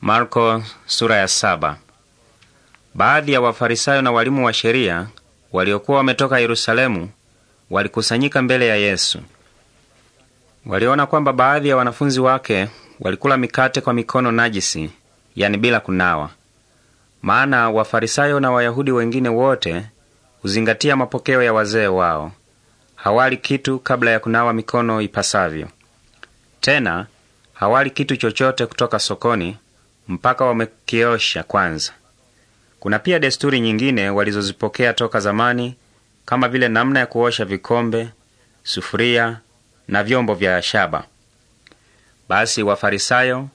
Marko sura ya saba. Baadhi ya Wafarisayo na walimu wa sheria waliokuwa wametoka Yerusalemu walikusanyika mbele ya Yesu. Waliona kwamba baadhi ya wanafunzi wake walikula mikate kwa mikono najisi, yani bila kunawa. Maana Wafarisayo na Wayahudi wengine wote huzingatia mapokeo ya wazee wao. Hawali kitu kabla ya kunawa mikono ipasavyo. Tena hawali kitu chochote kutoka sokoni mpaka wamekiosha kwanza. Kuna pia desturi nyingine walizozipokea toka zamani, kama vile namna ya kuosha vikombe, sufuria na vyombo vya shaba. Basi Wafarisayo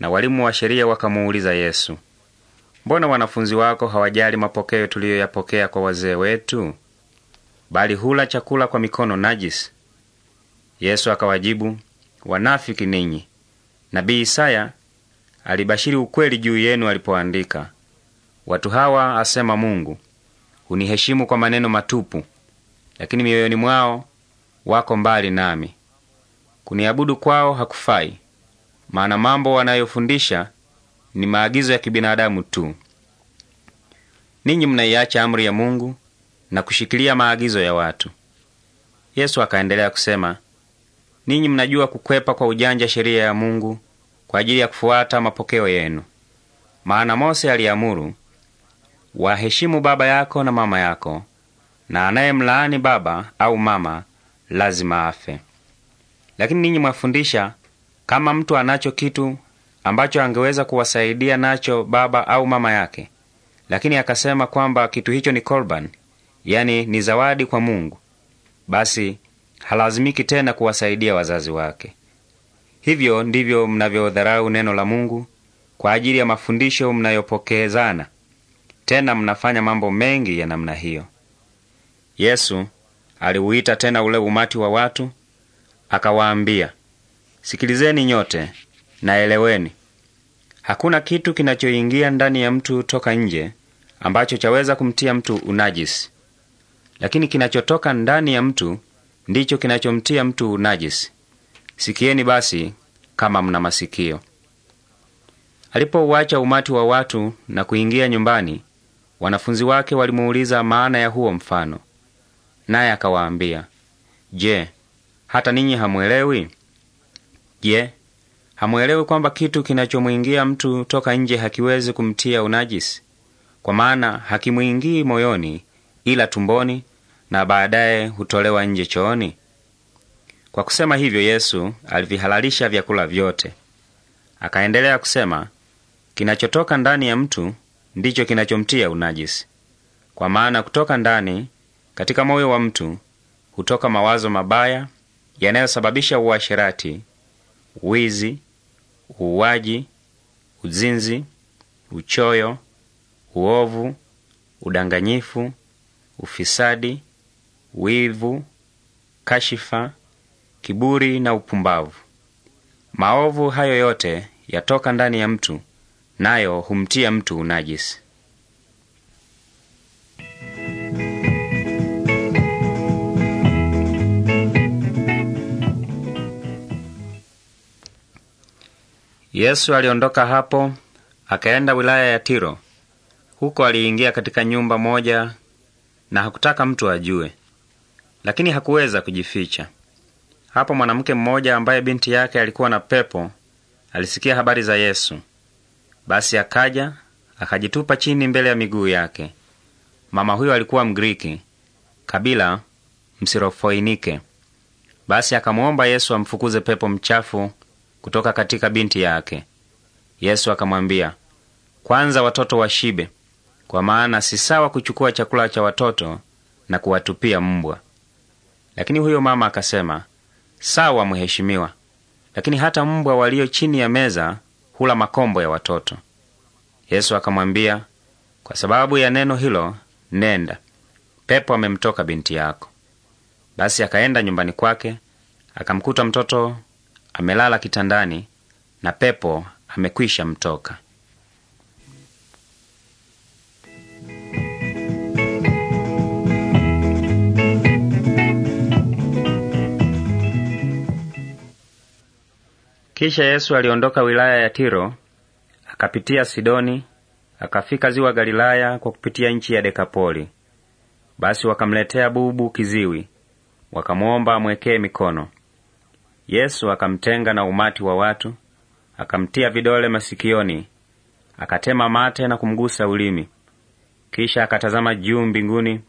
na walimu wa sheria wakamuuliza Yesu, mbona wanafunzi wako hawajali mapokeo tuliyoyapokea kwa wazee wetu, bali hula chakula kwa mikono najisi? Yesu akawajibu, wanafiki ninyi! Nabii Isaya alibashiri ukweli juu yenu alipoandika, watu hawa, asema Mungu, huniheshimu kwa maneno matupu, lakini mioyoni mwao wako mbali nami. Kuniabudu kwao hakufai, maana mambo wanayofundisha ni maagizo ya kibinadamu tu. Ninyi mnaiacha amri ya Mungu na kushikilia maagizo ya watu. Yesu akaendelea kusema, ninyi mnajua kukwepa kwa ujanja sheria ya Mungu kwa ajili ya kufuata mapokeo yenu. Maana Mose aliamuru, waheshimu baba yako na mama yako, na anayemlaani baba au mama lazima afe. Lakini ninyi mwafundisha kama mtu anacho kitu ambacho angeweza kuwasaidia nacho baba au mama yake, lakini akasema kwamba kitu hicho ni korban, yani ni zawadi kwa Mungu, basi halazimiki tena kuwasaidia wazazi wake. Hivyo ndivyo mnavyodharau neno la Mungu kwa ajili ya mafundisho mnayopokezana. Tena mnafanya mambo mengi ya namna hiyo. Yesu aliuita tena ule umati wa watu akawaambia, sikilizeni nyote naeleweni. Hakuna kitu kinachoingia ndani ya mtu toka nje ambacho chaweza kumtia mtu unajisi, lakini kinachotoka ndani ya mtu ndicho kinachomtia mtu unajisi. Sikieni basi kama mna masikio. Alipouacha umati wa watu na kuingia nyumbani, wanafunzi wake walimuuliza maana ya huo mfano, naye akawaambia, Je, hata ninyi hamwelewi? Je, hamwelewi kwamba kitu kinachomwingia mtu toka nje hakiwezi kumtia unajisi? Kwa maana hakimwingii moyoni, ila tumboni, na baadaye hutolewa nje chooni. Kwa kusema hivyo, Yesu alivihalalisha vyakula vyote. Akaendelea kusema, kinachotoka ndani ya mtu ndicho kinachomtia unajisi, kwa maana kutoka ndani, katika moyo wa mtu hutoka mawazo mabaya yanayosababisha uasherati, wizi, uuaji, uzinzi, uchoyo, uovu, udanganyifu, ufisadi, wivu, kashifa, kiburi na upumbavu. Maovu hayo yote yatoka ndani ya mtu, nayo humtia mtu unajisi. Yesu aliondoka hapo akaenda wilaya ya Tiro. Huko aliingia katika nyumba moja na hakutaka mtu ajue, lakini hakuweza kujificha. Hapo mwanamke mmoja ambaye binti yake alikuwa na pepo alisikia habari za Yesu. Basi akaja akajitupa chini mbele ya miguu yake. Mama huyo alikuwa Mgiriki, kabila Msirofoinike. Basi akamwomba Yesu amfukuze pepo mchafu kutoka katika binti yake. Yesu akamwambia, kwanza watoto washibe, kwa maana si sawa kuchukua chakula cha watoto na kuwatupia mbwa. Lakini huyo mama akasema, Sawa mheshimiwa, lakini hata mbwa walio chini ya meza hula makombo ya watoto. Yesu akamwambia, kwa sababu ya neno hilo, nenda, pepo amemtoka binti yako. Basi akaenda nyumbani kwake, akamkuta mtoto amelala kitandani na pepo amekwisha mtoka. Kisha Yesu aliondoka wilaya ya Tiro akapitia Sidoni akafika ziwa Galilaya kwa kupitia nchi ya Dekapoli. Basi wakamletea bubu kiziwi, wakamwomba amwekee mikono. Yesu akamtenga na umati wa watu, akamtia vidole masikioni, akatema mate na kumgusa ulimi. Kisha akatazama juu mbinguni,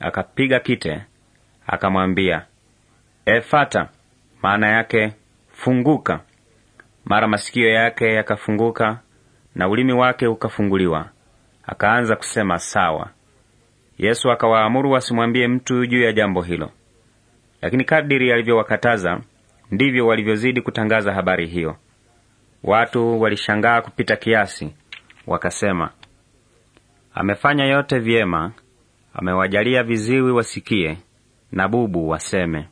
akapiga kite, akamwambia, Efata, maana yake funguka. Mara masikio yake yakafunguka na ulimi wake ukafunguliwa, akaanza kusema sawa. Yesu akawaamuru wasimwambie mtu juu ya jambo hilo, lakini kadiri alivyowakataza ndivyo walivyozidi kutangaza habari hiyo. Watu walishangaa kupita kiasi, wakasema, amefanya yote vyema, amewajalia viziwi wasikie na bubu waseme.